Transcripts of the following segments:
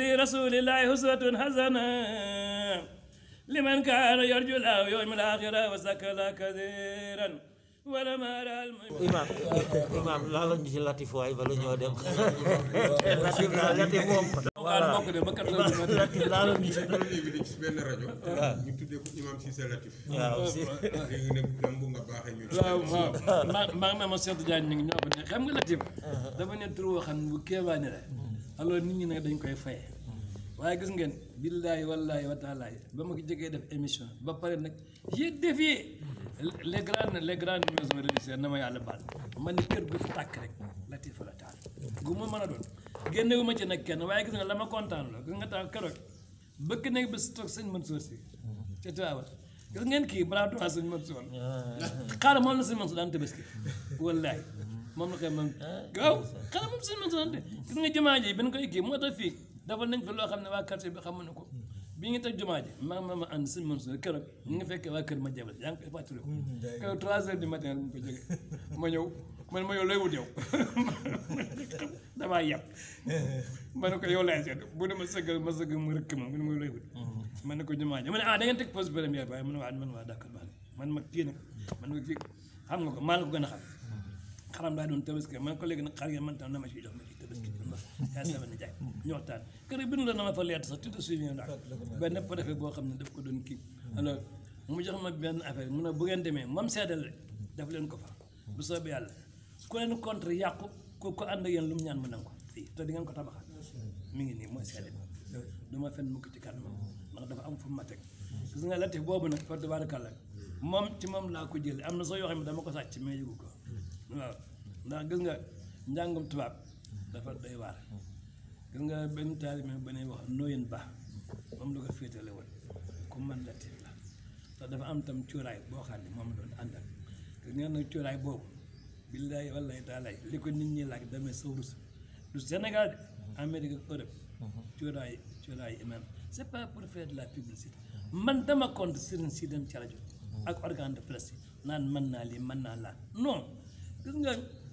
في رسول الله أسوة حسنة لمن كان يرجو الله يوم الآخرة وذكر كثيرا ولما رأى المؤمن إمام إمام لا لنجي لطيف واي بل ñoo dem لطيف لا لطيف moom Latif laa la nit bi de ci benn rajo ñu tuddee ko imam Cissé Latif waaw léegi nag dam bu nga baaxee ñu waaw waaw maa ngi ma seetlu jaan ñu ngi ñoo ko ne xam nga Latif uh-huh. dafa ne tur woo xam ne bu kéebaane la mm-hmm. alors nit ñi nag dañ koy faye waaye gis ngeen billaahi wallaahi wa taalaahi ba ma jógee def émission ba pare nag j'ai défié les grandes les grandes maisons religieuses na ma yàlla baal ma ni kër gu fi tàkk rek latif la taal gu ma mën a doon génnewu ma ci nag kenn waaye gis nga la ma kontaan la gis nga taal keroog bëgg nekk ba si toog sëñ Mansour si ca Tiwaawan gis ngeen kii balaa tuwaa sëñ Mansour xaaral moom la sëñ Mansour daan tabaski wallaahi moom la koy moom waaw xaaral moom sëñ Mansour daan gis nga jumaa ji bi ñu koy kii moo tax fii dafa nañ fa loo xam ne waa quartier bi xamuñu ko bi ñu toj jumaa ji ma ma ànd suñ man suñu këram ñu ngi fekkee waa kër ma jabal yaa ngi koy fàttali ko kaw trois heures du matin lañ ko jege ma ñëw man ma yow lay wut yow dama yàpp ma ne ko yow lay seet bu ne ma sëggal ma sëgg mu rëkk ma ne ma yow lay wut ma ne ko jumaa ji ma ne ah da ngeen teg pause première waaye ne waa man waa d'accord baax man ma kii nag man ma kii xam nga ko maa la ko gën a xam xaram daa doon tabaski man ko léegi nag xar ngeen man tam na ma siy jox ma bisimilah. yaa sama nijaay ñu waxtaan kër bindu la na ma fa leet sax tout ko doon kii mu jox ma benn affaire mu ne bu ngeen demee mam seedal daf leen ko fa bu soobee yàlla ku leen contre yàqu ku ko ànd ak mu ñaan mu nangu fii te di ngeen ko tabaxal mi ngi nii mooy seede du ma fen mukk ci kanam ndax dafa am fu ma teg gis nga latif boobu nag fa tabaarakalla moom ci moom laa ko jëlee am na soo yoo xam ne dama ko sàcc mais yëgu ko waaw ndax gis nga njàngum tubaab dafa doy waar gis nga benn taalibe ba ne wax nooyeen ba moom la ko féetale woon ku man la tiit la ndax dafa am tam cuuraay boo xam ne moom doon àndal nga nag boobu billaay wallaay taalaay li ko nit ñi laaj demee sa rus du Sénégal de Amérique ak Europe cuuraay cuuraay imam c'est pas pour faire de la publicité man dama compte sëriñ si dem ci rajo ak organe de presse naan mën naa lii mën naa laa non gis nga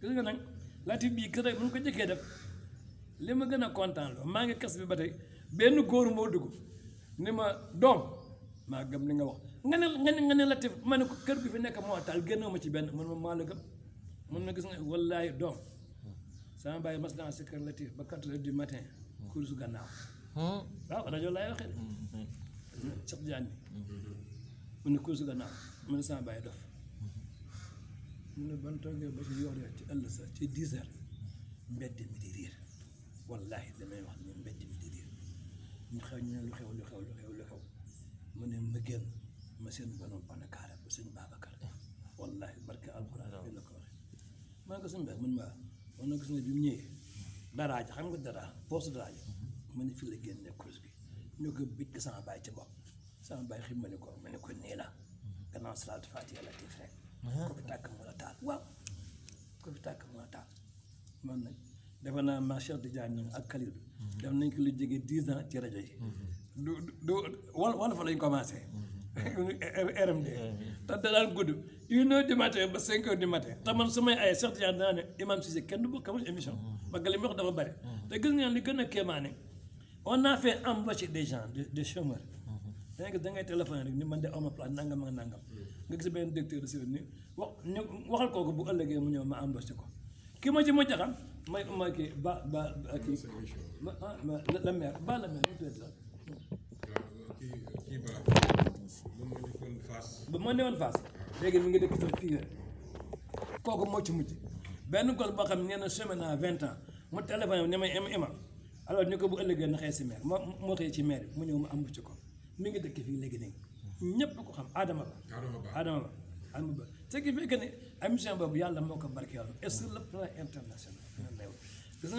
gis nga nag latif bii kër bu ñu ko jëkkee def li ma gën a kontaan la maa ngi kas bi ba tey benn góor moo dugg ni ma doom maa gëm li nga wax nga ne nga ne nga ne latif ma ne ko kër bi fi nekk moo taal génnoo ci benn man ma maa la gëm mun na gis nga wallaahi doom sama bàyyi mas naa si kër latif ba quatre heures du matin kursu gannaaw hmm. waaw rajo laay waxee de hmm. Cheikh Diagne mu ne kursu gannaaw mu ne sama bàyyi dof mu ne ban toogee ba ci yoor ya ci ëllëg sax ci dix heures mbedd mi di riir wallahi damay wax ne mbedd mi di riir ñu xew ñu ne lu xew lu xew lu xew lu xew mu ne ma génn ma seen banoon banakaara ba sëñ Babacar wallahi barke alxuraan bi la ko waxee man ko sëñ Babacar man maa man na gis ne bi mu ñëwee daraaja xam nga dara poste daraaja ma ne fii la génne course bi ñu ko bit ko sama bàyyi ci bopp sama bàyyi xim ma ne ko ma ne ko nii la gannaaw salaatu faatiha la tiif rek covid ak moo la taal waaw covid ak moo la taal man nag defe naa ma Cheikh Tidiane ñoom ak Khalil def nañ ko lu jege dix ans ci rajo yi du du wal wala fa lañ commencé RMD te da Imam Cissé kenn du bokk amul émission parce hmm. que li muy wax dafa bëri te hmm. gis ngeen li gën a kéemaane on a fait embaucher des gens des chômeurs da ngay téléphoné rek ni man de ma place nangam ak nangam nga gis benn directeur de service ni wax ñu waxal kooku bu ëllëgee mu ñëw ma embauché ko ki ma ci mujj xam ma ah, kii ba ba kii la maire ba la ba moo newoon Fass léegi mi ngi dëkk fii kooku moo ci mujj benn gol boo xam ne nee na semaine à vingt ans mu téléphoné ne may ima alors ñu ko bu ëllëgee na xëy si maire moo moo xëy ci maire mu ñëw ma am embauché ko mi ngi dëkk fii léegi nii ñëpp ko xam Adama Ba. Adama Ba Adama Ba ce qui fait que ne boobu yàlla moo ko barkeel et sur le plan international.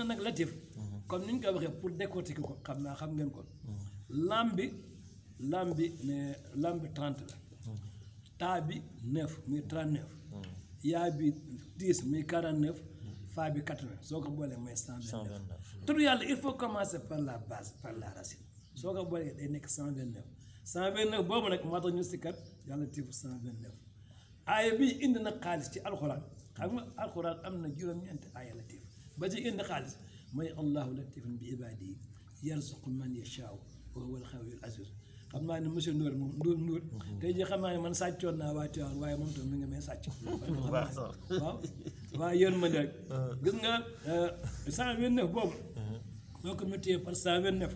nag Latif. Mhm. comme ni ñu ko waxee pour décortiquer ko xam naa xam ngeen ko. Mhm. lam bi lam bi ne lam bi trente la. Mhm. bi neuf muy trente neuf. bi dix muy quarante neuf. faa bi quatre vingt soo ko boolee mooy cent vingt neuf. yàlla il faut commencer par la base par soo ko day nekk cent vingt neuf. 129 boobu nag moo tax ñu sikkat yàlla tiifu 129 aaya bi indi na xaalis ci alxuraan xam nga alxuraan am na juróom-ñeenti aaya la tiif ba ci indi xaalis mooy allahu latifun bi ibaadihi yarzuqu man yashaau wa huwa alxawiyul aziz xam naa ne monsieur Ndour moom Ndour Ndour tey jii xam naa ne man sàccoon naa waa Tiwaan waaye moom tam mi ngi may sàcc waaw waaw yoon ma dégg gis nga 129 boobu boo ko multiplié par 129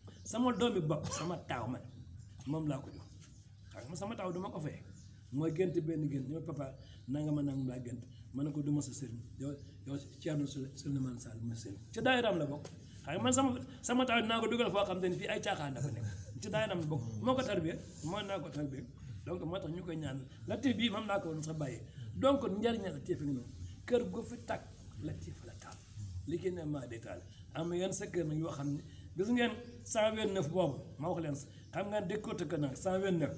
sama doomi bopp sama taaw man moom laa ko jox waaw sama taaw dama ko fee mooy gént benn gént ñoo papa nanga ma nangam laa ma ne ko du ma sa sëriñ yow yow Thierno Souleymane Sall ma sëriñ ci daayiraam la bokk xam man sama sama taaw dinaa ko dugal foo xam te ne fii ay caaxaan dafa nekk ci daayiraam la bokk moo ko tarbiya moo naa ko tarbiya donc moo tax ñu koy ñaan latif bii moom naa ko woon sa bàyyee donc njariñ latif ngi noonu kër gu fi tàkk latif la taal li génne maa dee taal am yenn sa kër nag yoo xam ne gis ngeen 129 boobu ma wax leen xam ngeen décote que nag 129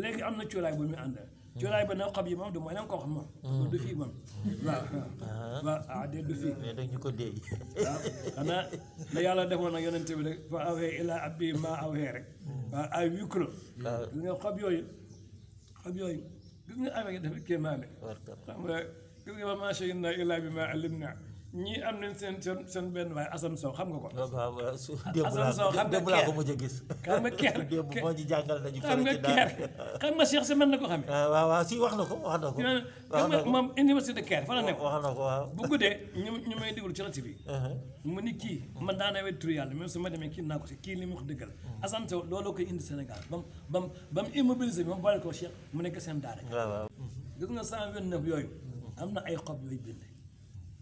léegi am na cuuraay bu muy àndal cuuraay ba naw xab yi moom du mooy leen ko wax moom du fii moom waaw waaw ah de du fii dag ñu ko dee waaw xanaa la yàlla defoon nag yonente bi rek fa awee ila abbi ma awee rek waaw ay huis clos gis nga xob yooyu xob yooyu gis nga affaire yi dafa kéemaane xam nga gis nga ma macha allah ilaa bi ma alim ñii am nañ seen seen seen benn waaye Assane xam nga ko. Ah, waaw waaw démb laa ko mujj a gis. xam nga keer démb nga keer xam na ko xamee. Ah, waaw waaw si wax na ko wax na ko. wax na ko moom université keer fa na ko waaw bu guddee ñu ñu may déglu ci rajo bi. Uh-huh. mu ni kii man daan nawet tur yàlla même su ma demee kii naa ko si kii li mu wax dëggal. Mm. Assane Sow looloo koy indi Sénégal bam bam bam immobilisé bi ma boole ko Cheikh mu nekk seen daara. waaw waaw. gis nga 129 yooyu mm-hmm. am na ay xob yooyu bind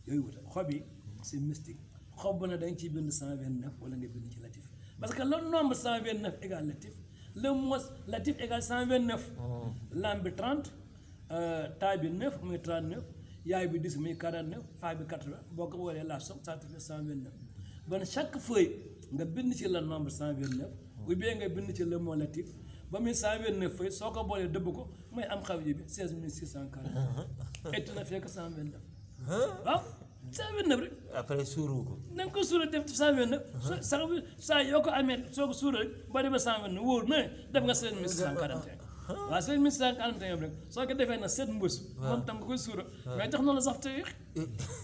yooyu wuta xob yi si mystique xob bu ne da ciy bind cent vingt neuf wala nga bind ci latif parce que le nombre cent vingt neuf égale latif le mot latif égale cent vingt neuf oh. lam bi trente euh, taa bi neuf muy trente neuf yaay bi dix muy quarante neuf faa bi quatre vingt boo ko boolee la somme ça cent vingt neuf bon chaque feuille nga bind ci le nombre cent vingt neuf oh. ou bien nga bind ci le mot latif ba muy cent vingt neuf feuille soo ko boolee dëbb ko mooy am xaw ji bi seize mille six cent quarante uh-huh. waaw cent vingt neuf rek. après suuru ko. ko suura def cent vingt neuf. sa sa yoo ko amee soo ko suura rek boo demee cent vingt neuf wóor na def nga seen mille cent quarante et uh-huh. un. waaw seen mille cent quarante et rek soo ko defee na seet mbos moom tam nga koy suura. tax na la sax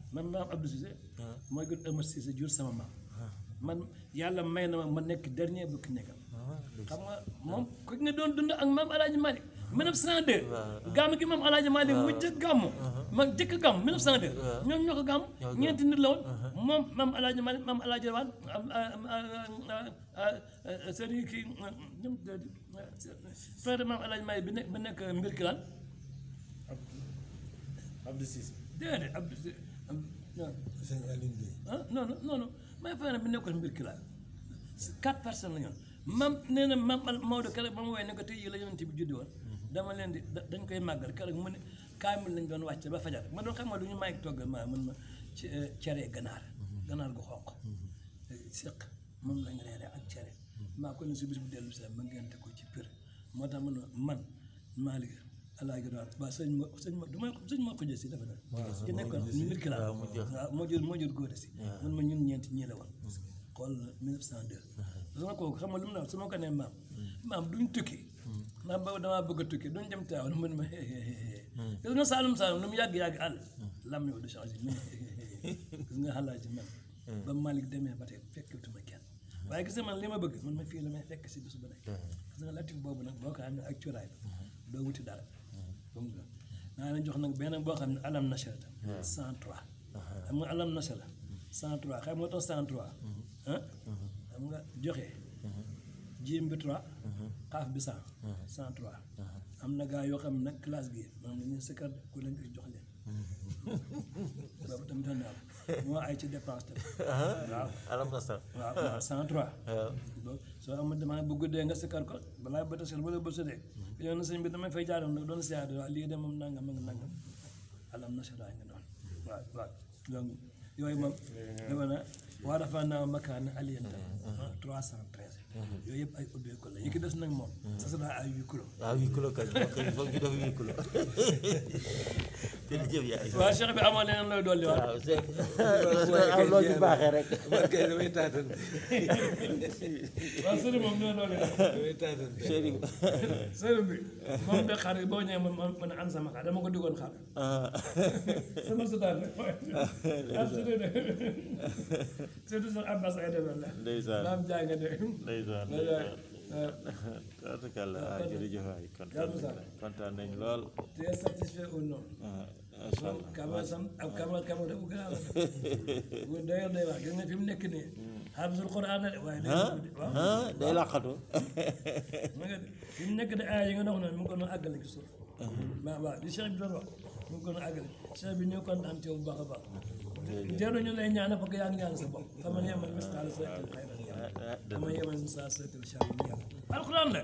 man maam Abdou Cissé. Ah. mooy jur sama maam. Ah. man yàlla may na ma ma nekk dernier bu ki nekkal. Ah, xam nga moom ku nga doon dund ak maam El Hadj Malick. 1902. waaw gàmm gi maam El Hadj mu jëkk gàmm. ma jëkk gàmm 1902. waaw ñoom ñoo ko gàmm. ñeenti nit la moom maam El Hadj Malick maam El Hadj bi nekk bi nekk Mbirkilaan. Abdou Cissé déedéet Abdou Cissé non sëñ Aline Gueye. ah non non non non maa ngi bi nekkoon mbir ki laa quatre personnes la ñu woon mam nee na ko tey la yonent bi judd woon mhm. dama leen di dañ koy màggal keroog mu ne kaamil lañ doon ba fajar ma doon xam ñu maa ngi toggal maa mën ma ci euh, mhm. mhm. euh, seq moom lañ reere ak cere maa ko ne su ma ngente ko ci pire moo ma ne man maa liggéey alaay gën a waat waaw sëñ ma sëñ ma du ma sëñ ma ko jël si dafa def. ki nekkoon nit ki laa waaw moo jur moo jur góor si. man ma ñun ñeenti ñi la woon. Mm. xool 1902. parce que kooku xam nga lu mu ne su ma ko nee maam. Mm. maam duñ tukki. Mm. maam boobu damaa bëgg a tukki duñ dem Tiwaawan man ma hee hee hee. gis nga Saalum Saalum lu mu yàgg yàgg àll. lam yow du changé gis nga xalaat ci man. ba Malick demee ba tey fekkatuma kenn. waaye gis nga man li ma bëgg man ma fii la may fekk si bés bu nekk. gis nga latif boobu nag boo ko amee ak cuuraay doo wuti dara. xam nga naa leen jox nag benn boo xam ne alam nasha la. 103. xam nga alam nasha la. 103 xam nga tax 103. xam nga joxe. jiim bi 3. xaaf bi 100. am na gaa yoo xam ne nag classe gi maanaam dañuy sëkkat ku leen jox leen. boobu tamit doon naa moo ay ci dépense tamit. Uh-huh. waaw alhamdulilah. waaw waaw 103. waaw soo amul dama bu guddee nga sikkar ko balaa ba tasee wala ba sotee. Mm-hmm. yow na sëñ bi damay fay jaaroon nag doon siyaare waaw lii de moom nangam ak nangam alam na sara nga doon waaw waaw donc yooyu moom. dafa na waa dafa naa makaan alien tam. 313. Mm-hmm. Ah, mm-hmm. yooyu yëpp ay ubbeeku la yi ki des nag moom. sa sera ay huit kilos. waaw huit kilos kay il faut que ñu def huit kilos. jërëjëf yaay bi amoon leneen looy dolli waaw am loo ci baaxee rek man kay damay taatan waaw sëriñ moom ñoo dolli damay taatan sëriñ sëriñ bi moom a am ko digoon xar ah. sama sutaan am sëriñ de surtout sax Abbas ay demel la ndeysaan maam jànga de ndeysaan waaw jërëjëf waay kontaan nañ lool. tu es satisfait ou non? Ah. كباسم أو كما كما وقال وداير داير قلنا في منكني حافظ القرآن ها ها لا علاقته في منكني آية نحن ممكن أقل نكسر ما ما دي شيء بدرو ممكن أقل شيء بنيو كان أنت وبقى بقى جارو نلا إني أنا بقى يعني أنا سبب فمن يعمل مثقال ذرة خيرا ومن يعمل مثقال ذرة شر القرآن لا